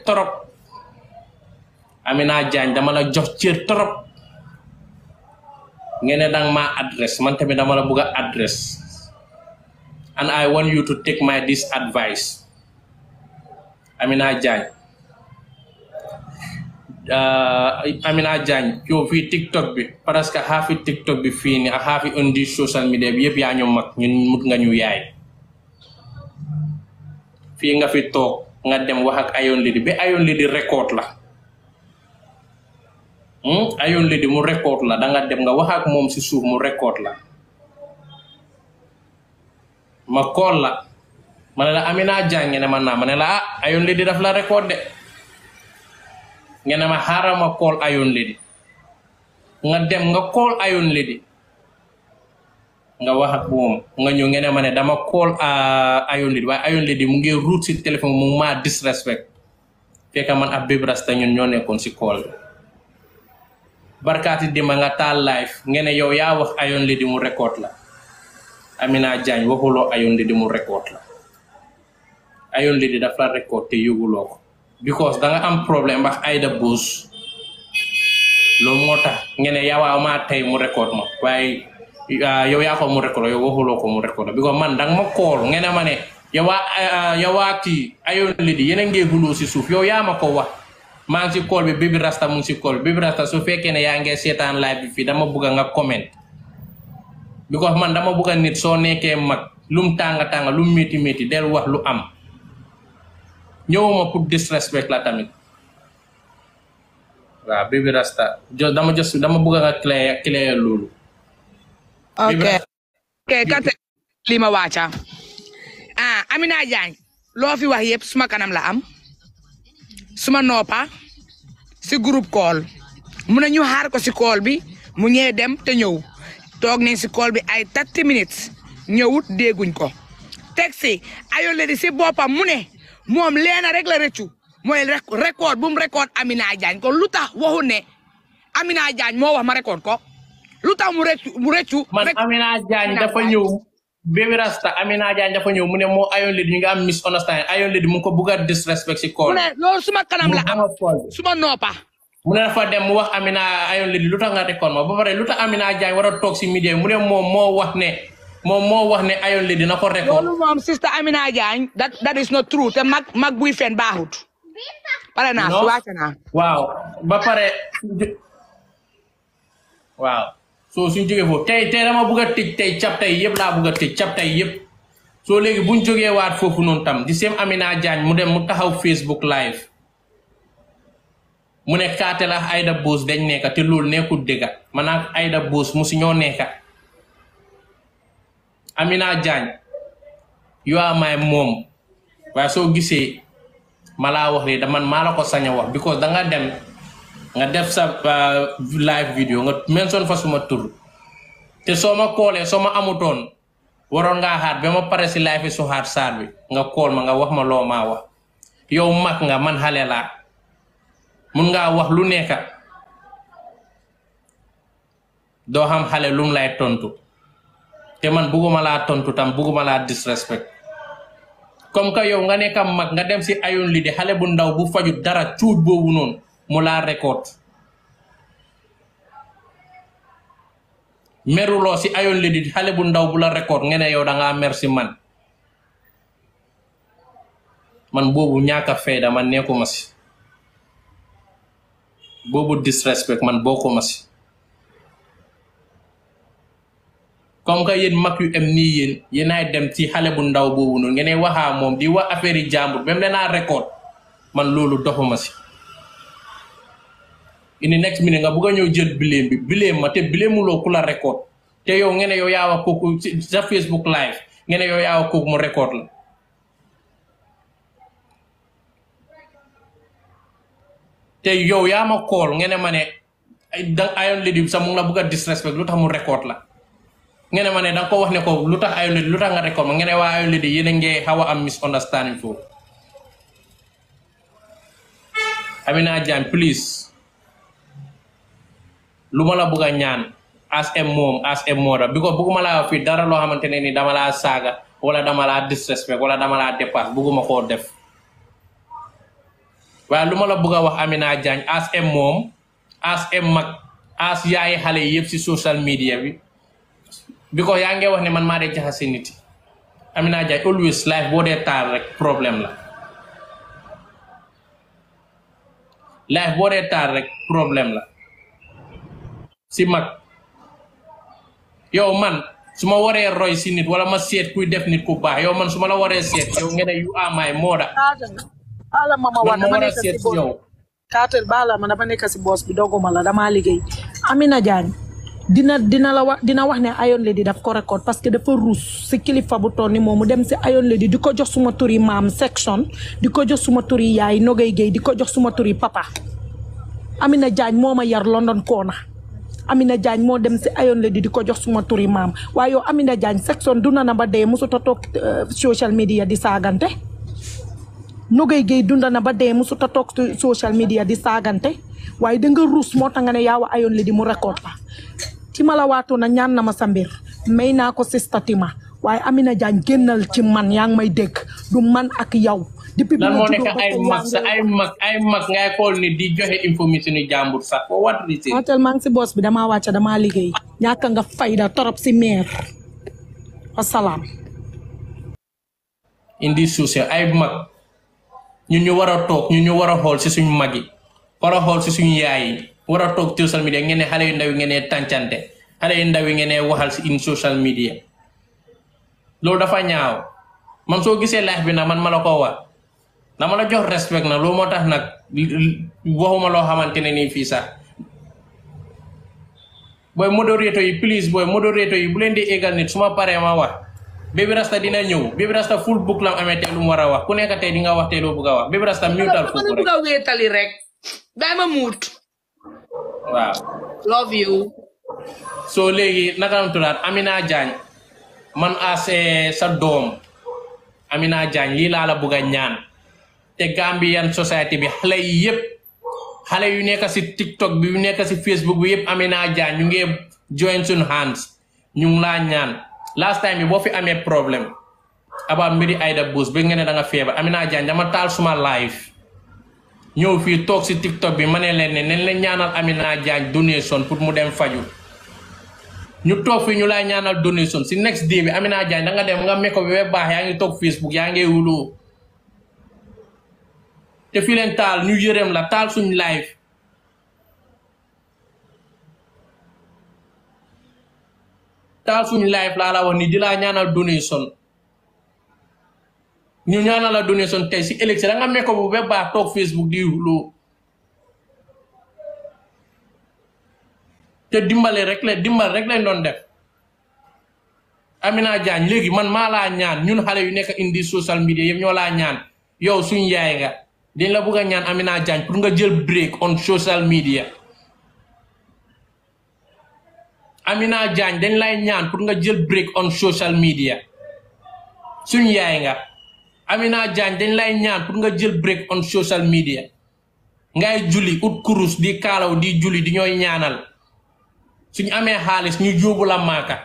torop Amina Diagne dama la jox cër torop ngene dang ma address, man tamit dama la buga address, and I want you to take my this advice Amina Diagne uh, Amina Diagne yo fi TikTok bi que hafi TikTok bi fini ni hafi undi social media bi yeb ya ñu mag ñun mut nga ñu yaay fi nga fi tok nga dem wax ak ayon lidi be ayon lidi record la hmm? ayon lidi mu record la da nga dem nga wax ak mom ci souf mu record la ma call la mané la amina jangé ne man na mané la ah, ayon lidi daf la record de ngena ma harama call ayon lidi nga dem nga call ayon lidi nga wax ak mom nga ñu nga mané dama call ayon ah, lid way ayon lid mu ngi route ci téléphone mu ma disrespect fekk man ab bib rasta ñun ñoo nekkoon ci call di ma nga taal live nga yow ya wax ayon lid mu record la amina jaañ waxuloo ayon lid mu record la ayon lid da fa record te because da nga am problème wax ayda bus loolu lo motax nga ne ma waaw maa mu record ma uh, yo ya ko murekolo rek la yow ko mu because man dang ma ngene ma ne yawa uh, yawaati ayo lidi yenen ge hulu si suf yo ya ma ko wax si kol bi bibi rasta mu si kol bibi rasta su fekke ne yaa ngee seetaan live bi fi dama bugg nga comment because man dama bugg nit so neke mak lum tanga tanga lum meti meti del wax lu am ñëwuma pour disrespect la tamit waaw bibi rasta dama just dama nga clair clair lolu ok ok kate lii ma waaca ah Amina Jaañ loo fi wax yëpp suma kanam la am suma nopa si groupe kool mu ne ñu xaar ko si call bi mu ñëwee dem te ñëw toog nañ si call bi ay 30 minutes ñëwut dégguñ ko teg si ayo le si boppam mu ne moom leena rek la rëccu mooy record bu mu record Amina Jaañ kon lu tax waxu ne Amina Jaañ moo wax ma record ko lu tax mu rëccu mu rëccu. man Amina Diagne dafa ñëw. Bébé Rasta Amina Diagne dafa ñëw mu ne moo Iron Lady ñu ngi am misunderstanding Iron Lady mu ngi ko bugg a disrespect si kool. mu ne loolu suma kanam la am suma noopa. mu ne dafa dem mu wax Amina Iron Lady lu tax nga nekkoon ma ba lu tax Amina Diagne war a toog si media mu ne moom moo wax ne. moom moo wax ne Iron Lady na ko record. loolu moom sister Amina Diagne that that is not true te mag mag buy fen baaxut. pare naa su wàcc naa. waaw ba waaw. soo suñ jógee foofu tey tey dama bëgg a tëj tey cap yëpp laa bëgg a tëj cap yëpp soo léegi buñ jógee waat foofu noonu tam di seen Amina Diagne mu dem mu taxaw Facebook live mu ne kaate la Aida Boss dañ nekka te loolu nekkul dëgga maanaam Aida boos mu si ñoo nekka Amina Diagne you are my waaye soo gisee ma laa wax lii maa la ko sañ a wax because danga dem nga def sa uh, live video nga mention fa suma tur te soma kolé soma amuton waron nga xaar bima ma pare si live su xaar saar bi nga kol ma nga wax ma lo ma wax yow mak nga man xale laa mun nga wax lu do xam lay tontu te man buguma la tontu tam buguma la disrespect comme que yow nga mak nga dem si ayun li di xale bu ndaw bu faju dara ciut bobu non Mollah Record meruloo si ayoon le xale bu ndaw bu la record nga ne yow da ngaa man man boobu ñàkk a fayda man nekkuma si boobu disrespect man bokkuma si comme que yéen mag yu am nii yéen dem ci xale bu ndaw boobu noonu ngeen waxaa moom di wax affaire yi jàmbur même danaa record man loolu doxuma si indi next minute nga bugg a ñëw jël bileem bi bileem ma te bileemuloo ku la record te yow ngeen ne yow yaa wax kooku sa Facebook live ngeen yow yaa wax kooku mu record la. te yow yaa ma kool ngeen ne ma ne da ayoon lidi sax mu ngi la bugg a disrespect lu tax mu record la. ngeen ne ma ne da ko wax ne ko lu tax ayoon lidi lu tax nga record ma ngeen waa ayoon lidi yéen a ngi xaw a am foofu. Amina Jane please. luma la as em moom as em mooda biko buku bugguma laa fi dara lo xamante ni dama la saga wala dama laa disrespect wala dama laa dépasse bugguma ko def wa luma la bugg Amina as em moom as em mak as yaay hale yëpp si social media bi biko ya nge ngi wax ne man mare dee jaxase nit Amina Diagne always life bo de tar rek problème la life boleh tarik problem rek si mag man suma waré roy si nit wala ma sét kuy def nit ku baax yo man suma la waré sét yow you are my moda ala mama wa dama nekk ci yow katel bala man dama nekk ci boss bi doguma la dama liggéey amina jang dina dina la wa, dina wax ne ayon lady daf ko record parce que dafa rouss ce kilifa bu toni momu dem ci ayon lady diko jox suma turi mam section diko jox suma turi yaay nogay gey diko jox suma turi papa amina jani moma yar london kona Amina Diagne moo dem si ayoon la di di ko jox suma turi maam waaye yow Amina Diagne section du na na ba dee musuta toog euh, social media di saagante Nogay Gueye dunda na ba dee musuta toog social media di saagante waaye da ruus moo tax ne yaaw ayoon la di mu record la ci ma la waatoo na ñaan na ma sa mbir may naa ko si statima waaye Amina Diagne génnal ci man yaa ngi may dégg du man ak yow depuis lan moo nekk ay mag sa ay mag ay mag ngay xool ne di joxe information ni jàmbur sax for what reason hôtel maa ngi si boss bi damaa wàcc damaa liggéey ñàkk nga fayda torop si meer wasalaam indi suuse ay mag ñu ñu war a toog ñu ñu war a yaay social media ngene ne yu ndaw yi ngeen ne yu ndaw waxal si in social media Lo dafa ñaaw man soo gisee live bi nag man ma la dama la jox respect na lo motax nak waxuma lo xamantene ni fi sax boy moderator yi please boy moderator yi bu len di egal nit suma ma ma wax Baby Rasta dina ñew Baby Rasta full book la amé té lu mu war wax ku nekk té di nga wax té lo bëgg wax Baby Rasta mutal ko rek nga wéetali rek bàyyi ma mut love you so legi naka am turaat Amina Diagne man a ah, sa dom Amina Diagne li la la bëgg ñaan te gambian society bi xale yi yépp xale yu nekk si tiktok bi yu nekk si facebook bi yépp amina ja ñu ngi join sun hands ñu la ñaan last time bi bo fi amé problème aba mbiri ayda bus bi nga ne da nga feebar amina ja dama tal suma live ñëw fi tok si tiktok bi mané len leen ne nañ la ñaanal amina diagne donation pour mu dem faju ñu tok fi ñu la ñaanal donation si next day bi amina diagne da nga dem nga meko bi baax ya nga tok facebook yang nga wulu te fi leen taal ñu yërëm la taal suñ live taal suñ live laa la wax ni di laa ñaanal donation ñu ñaanal la donation tey si élection da nga meko bu ba baax toog Facebook di yuxloo te dimbale rek la dimbal rek lañ doon def Amina Diagne léegi man maa laa ñaan ñun xale yu nekk indi social media yëpp ñoo laa ñaan yow suñ yaay nga dañ la bëgg Aminajan, ñaan Amina jañ pour nga jël break on social media Amina jañ dañ lay ñaan pour nga jël break on social media suñ yaay nga Amina jañ dañ lay ñaan pour nga jël break on social media ngay julli ut kurus di kalaw di julli di ñoy ñaanal suñ Halis xaaliss ñu yóbbu la maka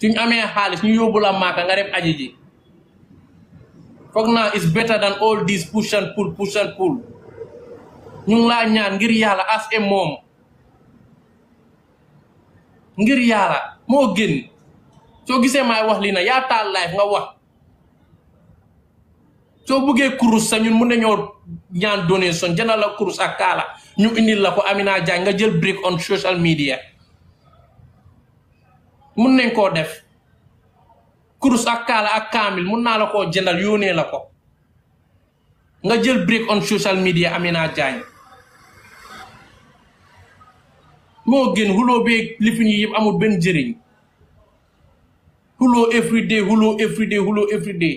suñ amé xaaliss ñu yobu la maka nga dem aji ji fogna is better than all these push and pull push and pull ñu la ñaan ngir yalla as e mom ngir yalla mo gën so gisé may wax li na ya ta life nga wax so buge kurus sa ñun nyor ñoo ñaan donation jëna la kurus ak kala ñu indil la ko amina jaay nga jël break on social media mën nañ ko def kurus ak kaala ak kaamil mun naa la koo jëndal yónnee la ko nga jël break on social media Amina Diagne moo gën xuloo bee lifin yi yëpp benn jëriñ xuloo everyday xuloo everyday xuloo everyday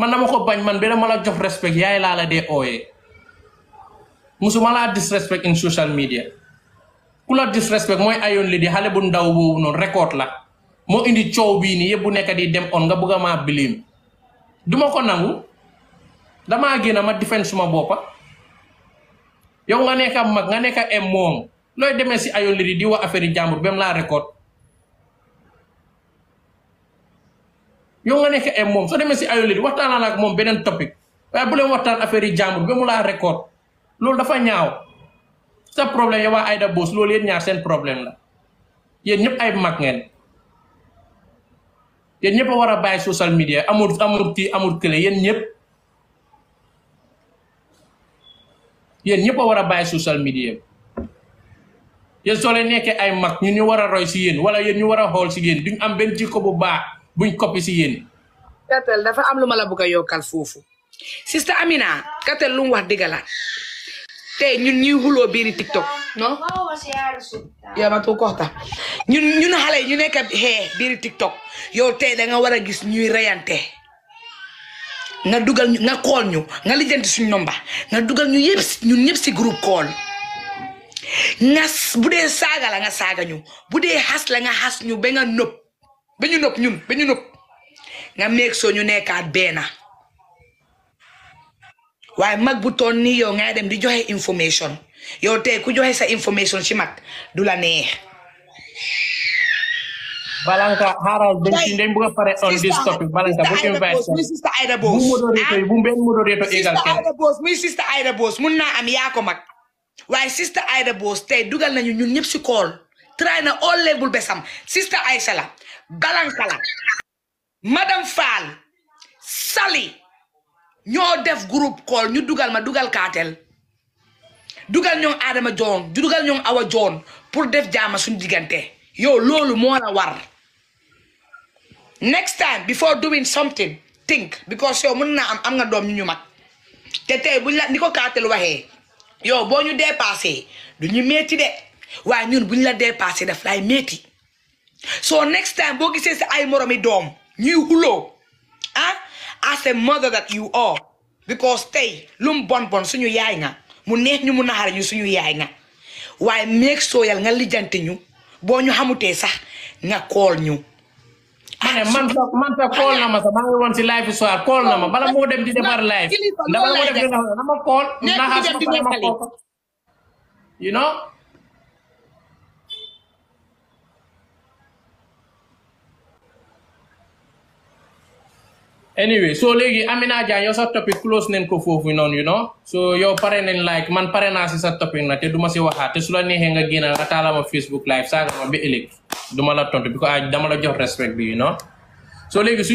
man dama ko bañ man ba dama jox respect yaay laa la dee ooyee musuma laa disrespect in social media ku la disrespect mooy ayoon li di xale bu ndaw boobu noonu record la mo indi ciow bi ni yëpp di dem on nga bëgg ma bilim duma ko nangu dama gëna ma defend suma bopa yow nga nekk mag nga nekk em mom loy demee ci ayo liri di wa affaire jambour bem la record yow nga nekk em mom so demee ci ayo liri waxtaan naa ak moom topic waaye bu leen waxtaan affaire jambour jàmbur la record lool dafa ñaaw sa problème yow ay da Boss lool yeen ñaar sen problème la yeen ñep ay mag ngeen Yen ñëpp wara bay social media amul amul ti amul clé yéen ñëpp yéen ñëpp wara war social media ye soo leen nekkee ay mak ñu ñu wara roy ci yeen wala yeen ñu wara a ci yeen duñ am ci ko bu ba buñ copy ci yeen katel dafa am lu mala la bëgg a yokkal Amina katel lu wax digala tey ñun ñi hulo biiri TikTok non yaa ma tu koxta ñun ñun xale ñu nekk xee bir tiktok yow tey da nga war a gis ñuy reyante nga dugal ñu nga kool ñu nga lijjanti suñ nomba nga dugal ñu yëpp ñun ñëpp si groupe kool nga bu saga la nga saga ñu bu has la nga has ñu be nga nëb be ñu nëb ñun be ñu nëb nga meeg soo ñu nekkaat beena waaye mag bu ni yow nga dem di joxe information yow te ku joxe sa information ci mag du la neex. Balanka xaaral dañ dañ bëgg a pare bu ñu invite muy sista Aida Boss muy sista Aida Boss mun naa am yaa ko mag waaye sista Aida Boss tey dugal nañu ñun ñëpp si kool try na all level besam sista Aisha la Balanka la madame Fall Sali ñoo def groupe kool ñu dugal ma dugal kaatel dugal ñoom Adama joon dugal ñoom Awa joon pour def jaama suñu diggante yow loolu moo la war next time before doing something think because yow mën naa am am nga doom ñu ñu mag te tey buñ la ni ko kaatel waxee yow boo ñu dépassé du ñu de waaye ñun buñ la dépassé daf lay métti so next time boo gisee si ay moroomi doom ñuy xuloo ah as a mother that you are because tey lu mu bon bon suñu yaay nga. mu neex ñu mu naxare ñu suñu yaay nga waaye meeg sooyal nga lijjanti ñu boo ñu xamutee sax nga kool ñu. ah man sax man sax kool na ma sax man ngi woon si live soir kool na ma bala moo dem di defar live. dama moo dem di defar ma kool you anyway so léegi Amina Diagne yow sa topic close nañ ko foofu noonu you know so yow pare nañ like man pare naa si sa topic na te duma si waxaat te su la neexee nga génn nga taalama Facebook live saaga ma ba ëllëg du ma la tontu bi ko dama la jox respect bi you know léegi suñ